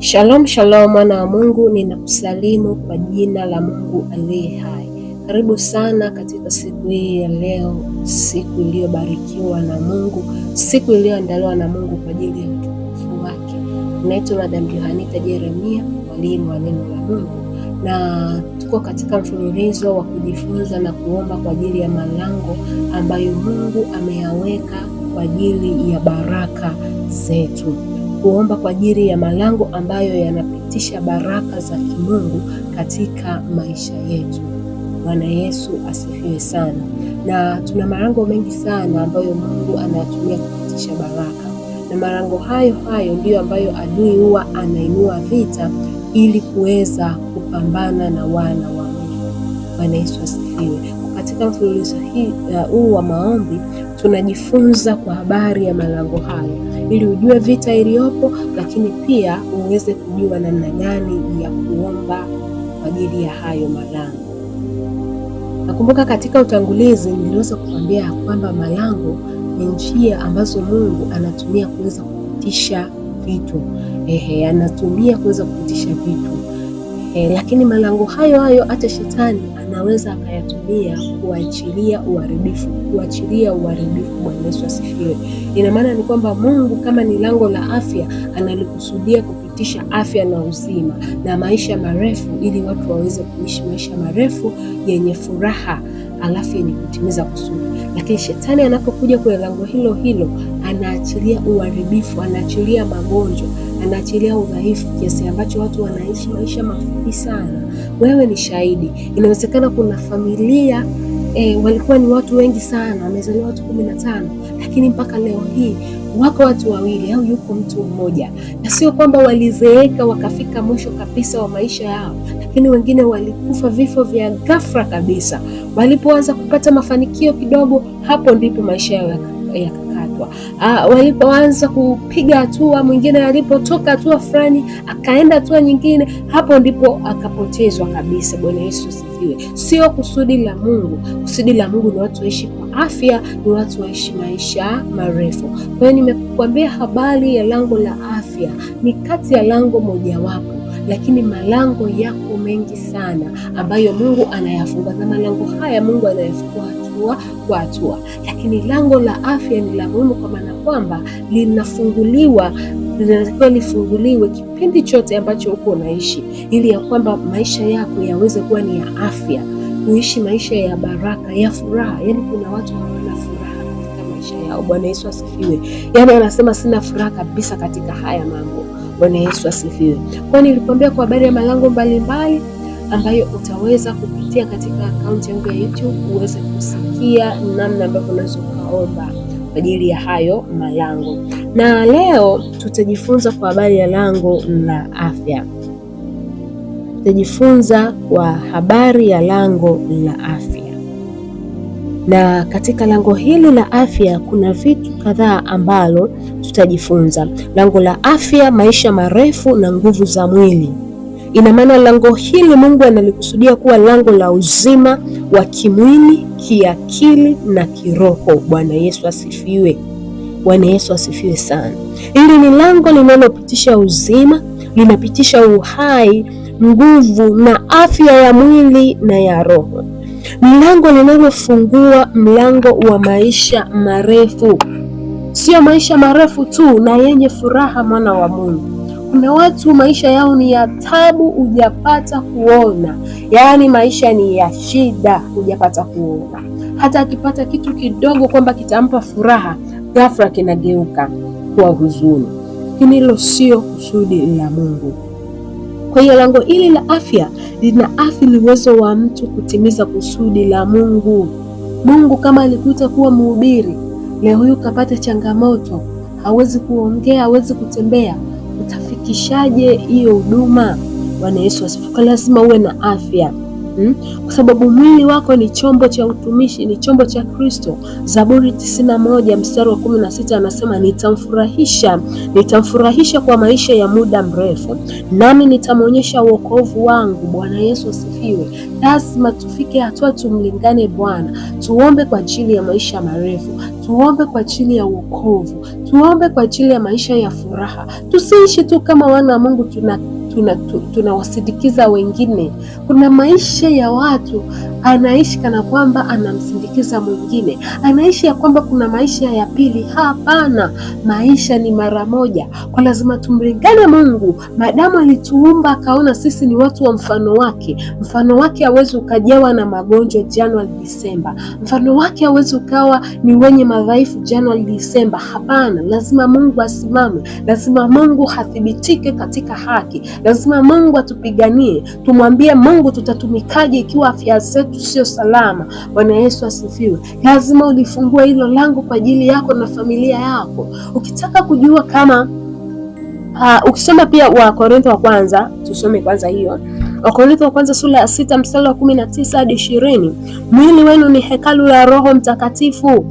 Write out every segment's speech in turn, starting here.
Shalom shalom, mwana wa Mungu, ninakusalimu kwa jina la Mungu aliye hai. Karibu sana katika siku hii ya leo, siku iliyobarikiwa na Mungu, siku iliyoandaliwa na Mungu kwa ajili ya utukufu wake. Naitwa Madam johanita Jeremia, mwalimu wa neno la Mungu, na tuko katika mfululizo wa kujifunza na kuomba kwa ajili ya malango ambayo Mungu ameyaweka kwa ajili ya baraka zetu kuomba kwa ajili ya malango ambayo yanapitisha baraka za kimungu katika maisha yetu. Bwana Yesu asifiwe sana. Na tuna malango mengi sana ambayo Mungu anayatumia kupitisha baraka, na malango hayo hayo ndiyo ambayo adui huwa anainua vita ili kuweza kupambana na wana wa Mungu. Bwana Yesu asifiwe. Katika mfululizo uh, huu uh, wa maombi tunajifunza kwa habari ya malango hayo ili ujue vita iliyopo, lakini pia uweze kujua namna gani ya kuomba kwa ajili ya hayo malango. Nakumbuka katika utangulizi niliweza kukwambia ya kwamba malango ni njia ambazo Mungu anatumia kuweza kupitisha vitu. Ehe, anatumia kuweza kupitisha vitu eh, lakini malango hayo hayo hata shetani anaweza akayatumia kuachilia uharibifu, kuachilia uharibifu. Bwana Yesu asifiwe. Ina maana ni kwamba Mungu kama ni lango la afya analikusudia kupitisha afya na uzima na maisha marefu, ili watu waweze kuishi maisha marefu yenye furaha alafu yenye kutimiza kusudi, lakini shetani anapokuja kwenye lango hilo hilo anaachilia uharibifu, anaachilia magonjwa, anaachilia udhaifu, kiasi ambacho watu wanaishi maisha mafupi sana. Wewe ni shahidi. Inawezekana kuna familia E, walikuwa ni watu wengi sana, wamezaliwa watu kumi na tano, lakini mpaka leo hii wako watu wawili au yuko mtu mmoja, na sio kwamba walizeeka wakafika mwisho kabisa wa maisha yao, lakini wengine walikufa vifo vya ghafla kabisa. Walipoanza kupata mafanikio kidogo, hapo ndipo maisha yao yaka kubwa. Uh, walipoanza kupiga hatua, mwingine alipotoka hatua fulani akaenda hatua nyingine, hapo ndipo akapotezwa kabisa. Bwana Yesu asifiwe. Sio kusudi la Mungu. Kusudi la Mungu ni watu waishi kwa afya, ni watu waishi maisha marefu. Kwa hiyo nimekuambia habari ya lango la afya, ni kati ya lango mojawapo lakini malango yako mengi sana ambayo Mungu anayafungua na malango haya Mungu anayafungua hatua kwa hatua, lakini lango la afya ni la muhimu kwa maana kwamba linafunguliwa linatakiwa lifunguliwe kipindi chote ambacho uko unaishi, ili ya kwamba maisha yako yaweze kuwa ni ya afya, kuishi maisha ya baraka, ya furaha. yani kuna watu hawana furaha katika maisha yao. Bwana Yesu asifiwe. Yani wanasema sina furaha kabisa katika haya mambo. Bwana Yesu asifiwe. Kwani nilikwambia kwa habari ya malango mbalimbali mbali, ambayo utaweza kupitia katika akaunti yangu ya YouTube uweze kusikia namna ambavyo unaweza ukaomba kwa ajili ya hayo malango. Na leo tutajifunza kwa habari ya lango la afya, tutajifunza kwa habari ya lango la afya na katika lango hili la afya kuna vitu kadhaa ambalo tutajifunza. Lango la afya, maisha marefu na nguvu za mwili. Ina maana lango hili Mungu analikusudia kuwa lango la uzima wa kimwili, kiakili na kiroho. Bwana Yesu asifiwe. Bwana Yesu asifiwe sana. Hili ni lango linalopitisha uzima, linapitisha uhai, nguvu na afya ya mwili na ya roho. Ni lango linalofungua mlango wa maisha marefu, sio maisha marefu tu na yenye furaha, mwana wa Mungu. Kuna watu maisha yao ni ya tabu, hujapata kuona, yaani maisha ni ya shida, hujapata kuona. Hata akipata kitu kidogo kwamba kitampa furaha, ghafla kinageuka kuwa huzuni. Lakini hilo sio kusudi la Mungu. Kwa hiyo lango hili la afya lina linaathiri uwezo wa mtu kutimiza kusudi la Mungu. Mungu kama alikuita kuwa mhubiri, leo huyu kapata changamoto, hawezi kuongea, hawezi kutembea, unafikishaje hiyo huduma. Bwana Yesu asifiwe. Lazima uwe na afya hmm? Kwa sababu mwili wako ni chombo cha utumishi, ni chombo cha Kristo. Zaburi 91 moja mstari wa kumi na sita anasema nitamfurahisha, nitamfurahisha kwa maisha ya muda mrefu, nami nitamwonyesha wokovu wangu. Bwana Yesu asifiwe. Lazima tufike hatua tumlingane Bwana, tuombe kwa ajili ya maisha marefu, tuombe kwa ajili ya wokovu, tuombe kwa ajili ya maisha ya furaha. Tusiishi tu kama wana wa Mungu tuna, tuna, tuna, tuna wasidi kusindikiza wengine. Kuna maisha ya watu anaishi kana kwamba anamsindikiza mwingine, anaishi ya kwamba kuna maisha ya pili. Hapana, maisha ni mara moja, kwa lazima tumlingane Mungu. madamu alituumba akaona sisi ni watu wa mfano wake, mfano wake hawezi ukajawa na magonjwa Januari Disemba, mfano wake hawezi ukawa ni wenye madhaifu Januari Disemba. Hapana, lazima Mungu asimame, lazima Mungu hathibitike katika haki, lazima Mungu atupiga tupiganie, tumwambie Mungu tutatumikaje ikiwa afya zetu sio salama. Bwana Yesu asifiwe. Lazima ulifungue hilo lango kwa ajili yako na familia yako. Ukitaka kujua kama uh, ukisoma pia Korintho wa kwanza, tusome kwanza hiyo Wakorintho wa kwanza sura ya sita mstari wa kumi na tisa hadi ishirini mwili wenu ni hekalu la Roho Mtakatifu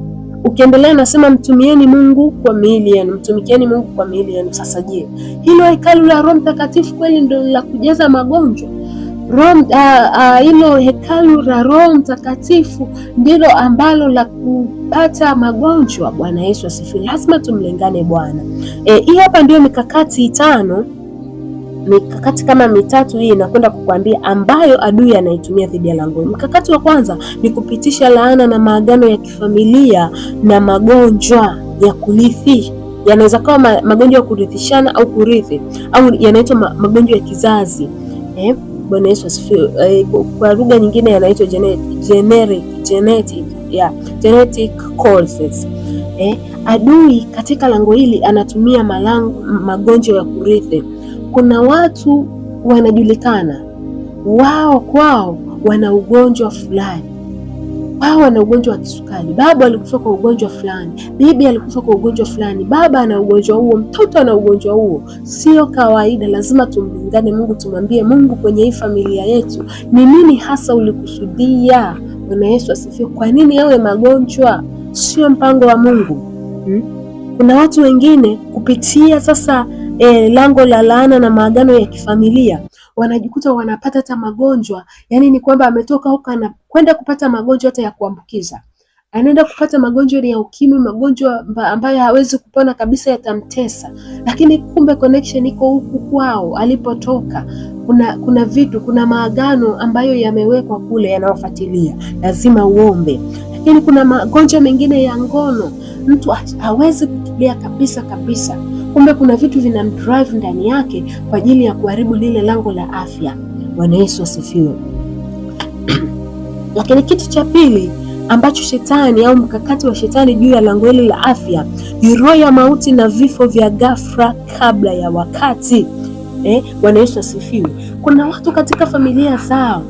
Ukiendelea nasema mtumieni Mungu kwa miili yenu, mtumikieni Mungu kwa miili yenu. Sasa je, hilo hekalu la Roho Mtakatifu kweli ndio la kujaza magonjwa? Roho ah, ah, hilo hekalu la Roho Mtakatifu ndilo ambalo la kupata magonjwa? Bwana Yesu asifiwe. Lazima tumlengane Bwana. E, hii hapa ndio mikakati tano mikakati kama mitatu hii inakwenda kukuambia ambayo adui anaitumia dhidi ya lango. Mkakati wa kwanza ni kupitisha laana na maagano ya kifamilia na magonjwa ya kurithi yanaweza kuwa magonjwa ya kurithishana au kurithi au yanaitwa magonjwa ya kizazi eh? Bwana Yesu asifiwe. Eh, kwa lugha nyingine yanaitwa generic genetic yeah, genetic causes eh? Adui katika lango hili anatumia malango magonjwa ya kurithi kuna watu wanajulikana wao kwao wana ugonjwa fulani, wao wana ugonjwa wa kisukari, baba alikufa kwa ugonjwa fulani, bibi alikufa kwa ugonjwa fulani, baba ana ugonjwa huo, mtoto ana ugonjwa huo. Sio kawaida, lazima tumlingane Mungu, tumwambie Mungu, kwenye hii familia yetu ni nini hasa ulikusudia? Bwana Yesu asifiwe. Kwa nini yawe magonjwa? Sio mpango wa Mungu hmm? Kuna watu wengine kupitia sasa e, lango la laana na maagano ya kifamilia, wanajikuta wanapata hata magonjwa. yani ni kwamba ametoka huko anakwenda kupata magonjwa hata ya kuambukiza, anaenda kupata magonjwa ya ukimwi, magonjwa ambayo hawezi kupona kabisa, yatamtesa. Lakini kumbe connection iko huku kwao alipotoka. Kuna kuna vitu, kuna maagano ambayo yamewekwa kule yanayofuatilia, lazima uombe. Lakini kuna magonjwa mengine ya ngono, mtu hawezi kutulia kabisa kabisa Kumbe kuna vitu vinamdrive ndani yake kwa ajili ya kuharibu lile lango la afya. Bwana Yesu asifiwe. Lakini kitu cha pili ambacho shetani au mkakati wa shetani juu ya lango hili la afya ni roho ya mauti na vifo vya ghafla kabla ya wakati. Eh, Bwana Yesu asifiwe. Kuna watu katika familia zao,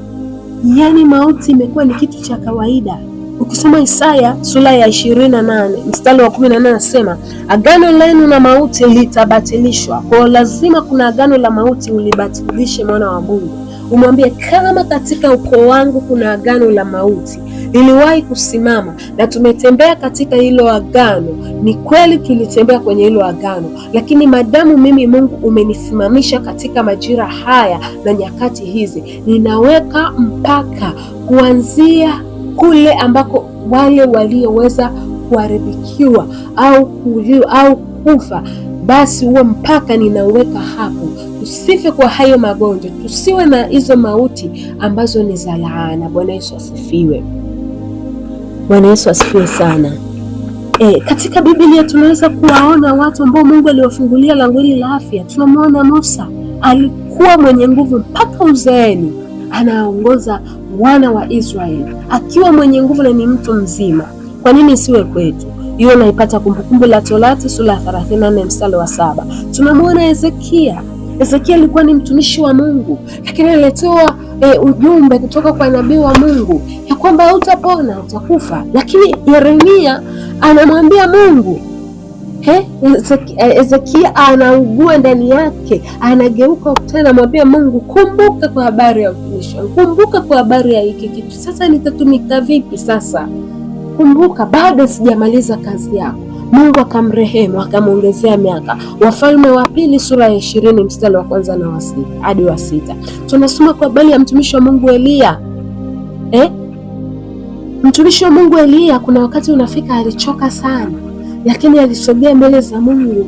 yaani mauti imekuwa ni kitu cha kawaida. Ukisoma Isaya sura ya 28 mstari wa 18 anasema agano lenu na mauti litabatilishwa. Kwa lazima kuna agano la mauti ulibatilishe, mwana wa Mungu, umwambie kama katika ukoo wangu kuna agano la mauti liliwahi kusimama na tumetembea katika hilo agano. Ni kweli tulitembea kwenye hilo agano, lakini madamu mimi Mungu umenisimamisha katika majira haya na nyakati hizi, ninaweka mpaka kuanzia kule ambako wale walioweza kuharibikiwa au kuuliwa au kufa, basi huo mpaka ninaweka hapo. Tusife kwa hayo magonjwa, tusiwe na hizo mauti ambazo ni za laana. Bwana Yesu asifiwe. Bwana Yesu asifiwe sana. E, katika Biblia tunaweza kuwaona watu ambao Mungu aliwafungulia lango hili la afya. Tunamwona Musa alikuwa mwenye nguvu mpaka uzeeni anaongoza wana wa Israeli akiwa mwenye nguvu na ni mtu mzima. Kwa nini isiwe kwetu? Hiyo naipata Kumbukumbu la Torati sura ya 34 mstari wa saba. Tunamwona Hezekia. Hezekia alikuwa ni mtumishi wa Mungu, lakini aliletewa e, ujumbe kutoka kwa nabii wa Mungu ya kwamba utapona, utakufa, lakini Yeremia anamwambia Mungu Eh, Ezekia Hezekia anaugua ndani yake, anageuka ukutani, anamwambia Mungu, kumbuka kwa habari ya utumishi, kumbuka kwa habari ya hiki kitu. Sasa nitatumika vipi? Sasa kumbuka, bado sijamaliza kazi yako. Mungu akamrehemu akamwongezea miaka. Wafalme wa Pili sura ya ishirini mstari wa kwanza na hadi wa sita tunasoma kwa habari ya mtumishi wa Mungu Eliya eh? Mtumishi wa Mungu Eliya kuna wakati unafika alichoka sana lakini alisogea mbele za Mungu.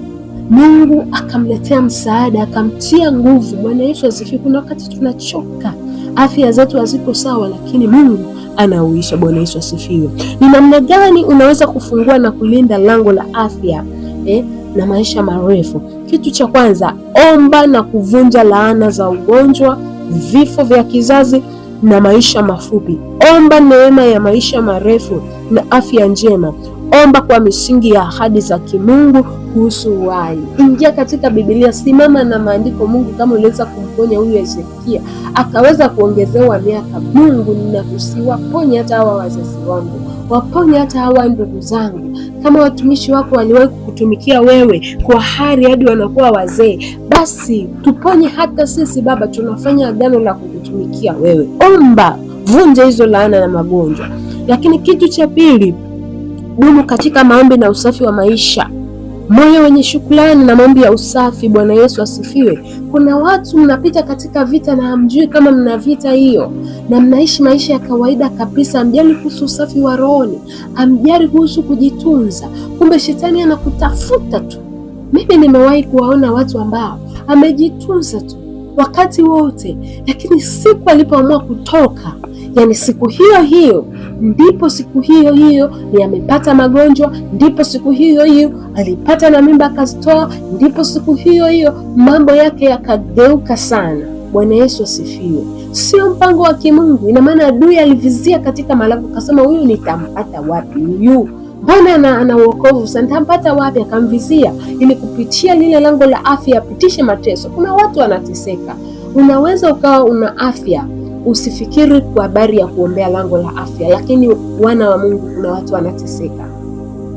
Mungu akamletea msaada, akamtia nguvu. Bwana Yesu asifiwe. Kuna wakati tunachoka, afya zetu hazipo sawa, lakini Mungu anauisha. Bwana Yesu asifiwe. Ni namna gani unaweza kufungua na kulinda lango la afya eh, na maisha marefu? Kitu cha kwanza, omba na kuvunja laana za ugonjwa, vifo vya kizazi na maisha mafupi. Omba neema ya maisha marefu na afya njema omba kwa misingi ya ahadi za kimungu kuhusu uhai. Ingia katika Biblia, simama na maandiko. Mungu, kama uliweza kumponya huyu Hezekia akaweza kuongezewa miaka, Mungu ninakusiwaponya hata hawa wazazi wangu, waponya hata hawa ndugu zangu. Kama watumishi wako waliwahi kukutumikia wewe kwa hari hadi wanakuwa wazee, basi tuponye hata sisi Baba, tunafanya agano la kukutumikia wewe. Omba, vunja hizo laana na magonjwa. Lakini kitu cha pili dumu katika maombi na usafi wa maisha, moyo wenye shukrani na maombi ya usafi. Bwana Yesu asifiwe. Kuna watu mnapita katika vita na hamjui kama mna vita hiyo, na mnaishi maisha ya kawaida kabisa, hamjali kuhusu usafi wa rohoni, hamjali kuhusu kujitunza, kumbe shetani anakutafuta tu. Mimi nimewahi kuwaona watu ambao amejitunza tu wakati wote, lakini siku alipoamua kutoka yani siku hiyo hiyo ndipo siku hiyo hiyo amepata magonjwa, ndipo siku hiyo hiyo alipata na mimba akazitoa, ndipo siku hiyo hiyo mambo yake yakageuka sana. Bwana Yesu asifiwe. Sio mpango wa Kimungu. Ina maana adui alivizia katika malango, akasema huyu nitampata wapi? Huyu Bwana ana, ana uokovu sana, nitampata wapi? Akamvizia ili kupitia lile lango la afya apitishe mateso. Kuna watu wanateseka, unaweza ukawa una afya Usifikiri kwa habari ya kuombea lango la afya, lakini wana wa Mungu, kuna watu wanateseka.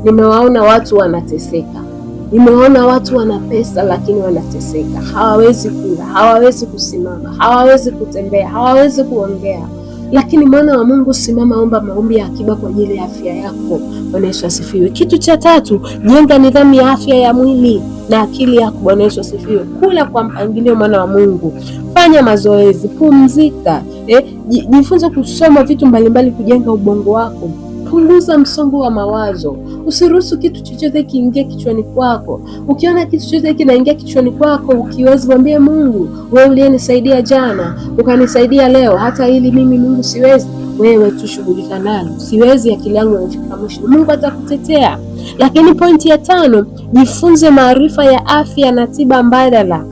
Nimewaona watu wanateseka, nimewaona watu wana pesa lakini wanateseka, hawawezi kula, hawawezi kusimama, hawawezi kutembea, hawawezi kuongea. Lakini mwana wa Mungu, simama, omba maombi ya akiba kwa ajili ya afya yako. Bwana Yesu asifiwe. Kitu cha tatu, jenga nidhamu ya afya ya mwili na akili yako. Bwana Yesu asifiwe. Kula kwa mpangilio, mwana wa Mungu, fanya mazoezi, pumzika, eh, jifunze kusoma vitu mbalimbali kujenga ubongo wako. Punguza msongo wa mawazo, usiruhusu kitu chochote kiingie kichwani kwako. Ukiona kitu chochote kinaingia kichwani kwako, ukiwezi mwambie Mungu, wewe uliyenisaidia jana ukanisaidia leo, hata ili mimi Mungu siwezi, wewe tushughulika nalo, siwezi, akili yangu imefika mwisho. Mungu atakutetea. Lakini pointi ya tano, jifunze maarifa ya afya na tiba mbadala.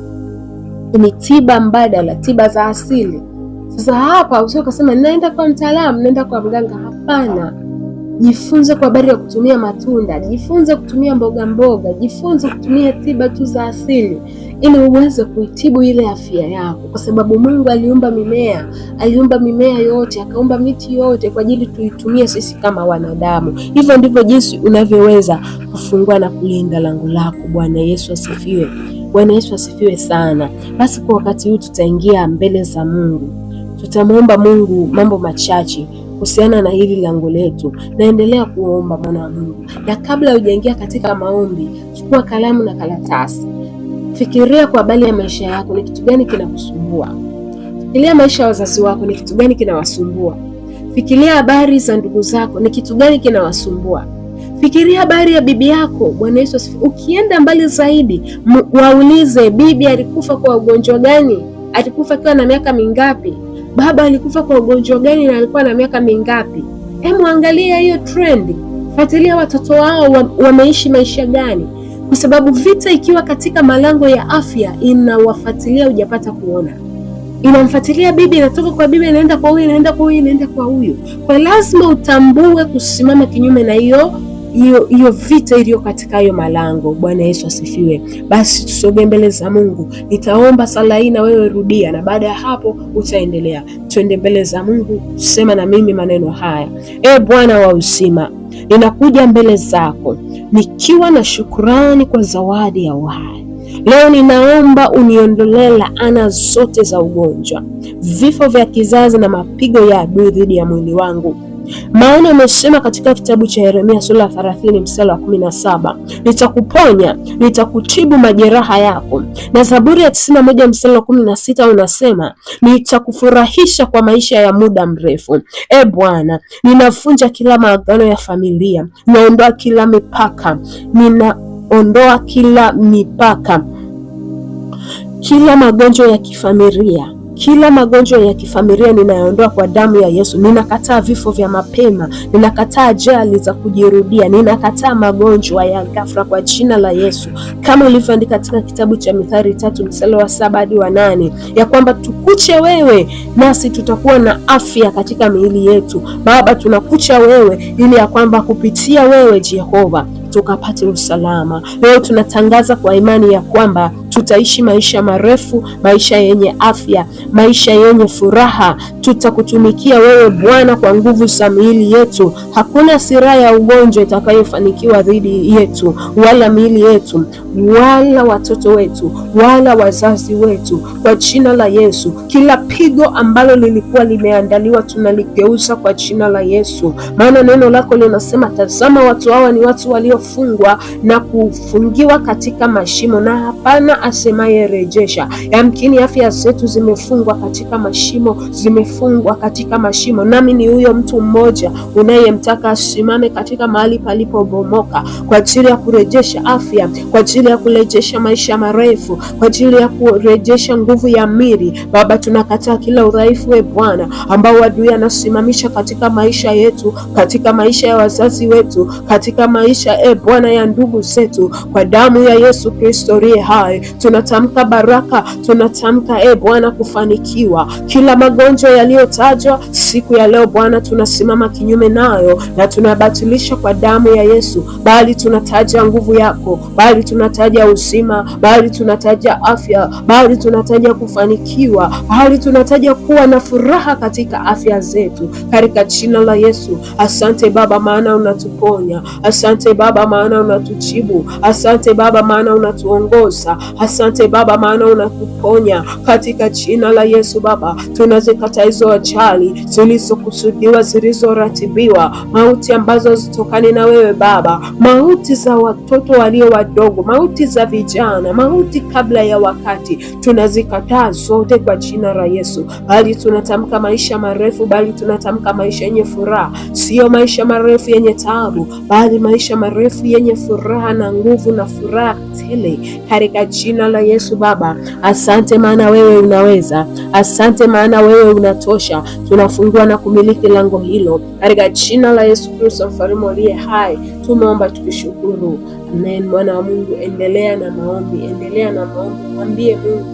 Ni tiba mbadala, tiba za asili. Sasa hapa usio kasema naenda kwa mtaalamu, naenda kwa mganga. Hapana jifunze kwa habari ya kutumia matunda, jifunze kutumia mboga mboga, jifunze kutumia tiba tu za asili ili uweze kuitibu ile afya yako, kwa sababu Mungu aliumba mimea, aliumba mimea yote, akaumba miti yote kwa ajili tuitumie sisi kama wanadamu. Hivyo ndivyo jinsi unavyoweza kufungua na kulinda lango lako. Bwana Yesu asifiwe. Bwana Yesu asifiwe sana. Basi kwa wakati huu tutaingia mbele za Mungu, tutamwomba Mungu mambo machache kuhusiana na hili lango letu, naendelea kuomba mwana wa Mungu. Na kabla hujaingia katika maombi, chukua kalamu na karatasi, fikiria kwa habari ya maisha yako, ni kitu gani kinakusumbua? Fikiria maisha ya wazazi wako, ni kitu gani kinawasumbua? Fikiria habari za ndugu zako, ni kitu gani kinawasumbua? Fikiria habari ya bibi yako. Bwana Yesu asifiwe. Ukienda mbali zaidi, waulize bibi alikufa kwa ugonjwa gani? Alikufa akiwa na miaka mingapi? baba alikufa kwa ugonjwa gani na alikuwa na miaka mingapi? Hebu angalia hiyo trend, fuatilia watoto wao wameishi maisha gani, kwa sababu vita ikiwa katika malango ya afya inawafuatilia, hujapata kuona inamfuatilia bibi, inatoka kwa bibi, inaenda kwa huyu, inaenda kwa huyu, inaenda kwa huyu. Kwa lazima utambue kusimama kinyume na hiyo hiyo vita iliyo katika hayo malango. Bwana Yesu asifiwe. Basi tusogee mbele za Mungu, nitaomba sala hii na wewe rudia, na baada ya hapo utaendelea. Twende mbele za Mungu, sema na mimi maneno haya. E Bwana wa uzima, ninakuja mbele zako nikiwa na shukurani kwa zawadi ya uhai. Leo ninaomba uniondolee laana zote za ugonjwa, vifo vya kizazi na mapigo ya adui dhidi ya mwili wangu maana amesema katika kitabu cha Yeremia sura ya 30 mstari wa 17, nitakuponya, nitakutibu majeraha yako. Na Zaburi ya 91 mstari wa 16 unasema, nitakufurahisha kwa maisha ya muda mrefu. E Bwana, ninavunja kila maagano ya familia, ninaondoa kila mipaka, ninaondoa kila mipaka, kila magonjwa ya kifamilia kila magonjwa ya kifamilia ninayoondoa kwa damu ya Yesu. Ninakataa vifo vya mapema, ninakataa ajali za kujirudia, ninakataa magonjwa ya ghafla kwa jina la Yesu, kama ilivyoandika katika kitabu cha Mithali tatu mstari wa saba hadi wa nane ya kwamba tukuche wewe nasi tutakuwa na afya katika miili yetu. Baba, tunakucha wewe ili ya kwamba kupitia wewe Jehova tukapate usalama. Leo tunatangaza kwa imani ya kwamba tutaishi maisha marefu, maisha yenye afya, maisha yenye furaha. Tutakutumikia wewe Bwana kwa nguvu za miili yetu. Hakuna silaha ya ugonjwa itakayofanikiwa dhidi yetu wala miili yetu wala watoto wetu wala wazazi wetu, kwa jina la Yesu. Kila pigo ambalo lilikuwa limeandaliwa tunaligeuza kwa jina la Yesu, maana neno lako linasema, tazama watu hawa ni watu waliofungwa na kufungiwa katika mashimo na hapana asemaye rejesha. Yamkini afya zetu zimefungwa katika mashimo, zimefungwa katika mashimo, nami ni huyo mtu mmoja unayemtaka asimame katika mahali palipobomoka kwa ajili ya kurejesha afya, kwa ajili ya kurejesha maisha marefu, kwa ajili ya kurejesha nguvu ya miri Baba, tunakataa kila udhaifu, e Bwana, ambao adui anasimamisha katika maisha yetu, katika maisha ya wazazi wetu, katika maisha e Bwana ya ndugu zetu, kwa damu ya Yesu Kristo aliye hai tunatamka baraka, tunatamka e Bwana kufanikiwa. Kila magonjwa yaliyotajwa siku ya leo Bwana, tunasimama kinyume nayo na tunabatilisha kwa damu ya Yesu, bali tunataja nguvu yako, bali tunataja uzima, bali tunataja afya, bali tunataja kufanikiwa, bali tunataja kuwa na furaha katika afya zetu, katika jina la Yesu. Asante Baba, maana unatuponya. Asante Baba, maana unatujibu. Asante Baba, maana unatuongoza. Asante Baba, maana unakuponya katika jina la Yesu. Baba, tunazikataa hizo ajali zilizokusudiwa, zilizoratibiwa, mauti ambazo zitokane na wewe Baba, mauti za watoto walio wadogo, mauti za vijana, mauti kabla ya wakati, tunazikataa zote kwa jina la Yesu, bali tunatamka maisha marefu, bali tunatamka maisha yenye furaha, sio maisha marefu yenye taabu, bali maisha marefu yenye furaha na nguvu na furaha tele katika jina la Yesu. Baba, asante maana wewe unaweza, asante maana wewe unatosha. Tunafungua na kumiliki lango hilo katika jina la Yesu Kristo, mfalme aliye hai. Tumeomba tukishukuru, amen. Mwana wa Mungu, endelea na maombi, endelea na maombi, mwambie Mungu,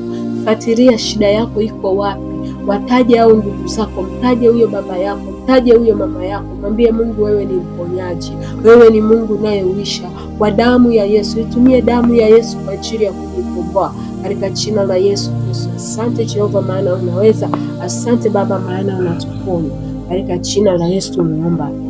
fatiria shida yako iko wapi, wataje au ndugu zako, mtaje huyo baba yako Taje huyo mama yako, mwambie Mungu, wewe ni mponyaji, wewe ni Mungu unayeuisha. Kwa damu ya Yesu, itumie damu ya Yesu kwa ajili ya kukukomboa katika jina la Yesu Kristo. Asante Jehova, maana unaweza. Asante Baba, maana unatuponya katika jina la Yesu tumeomba.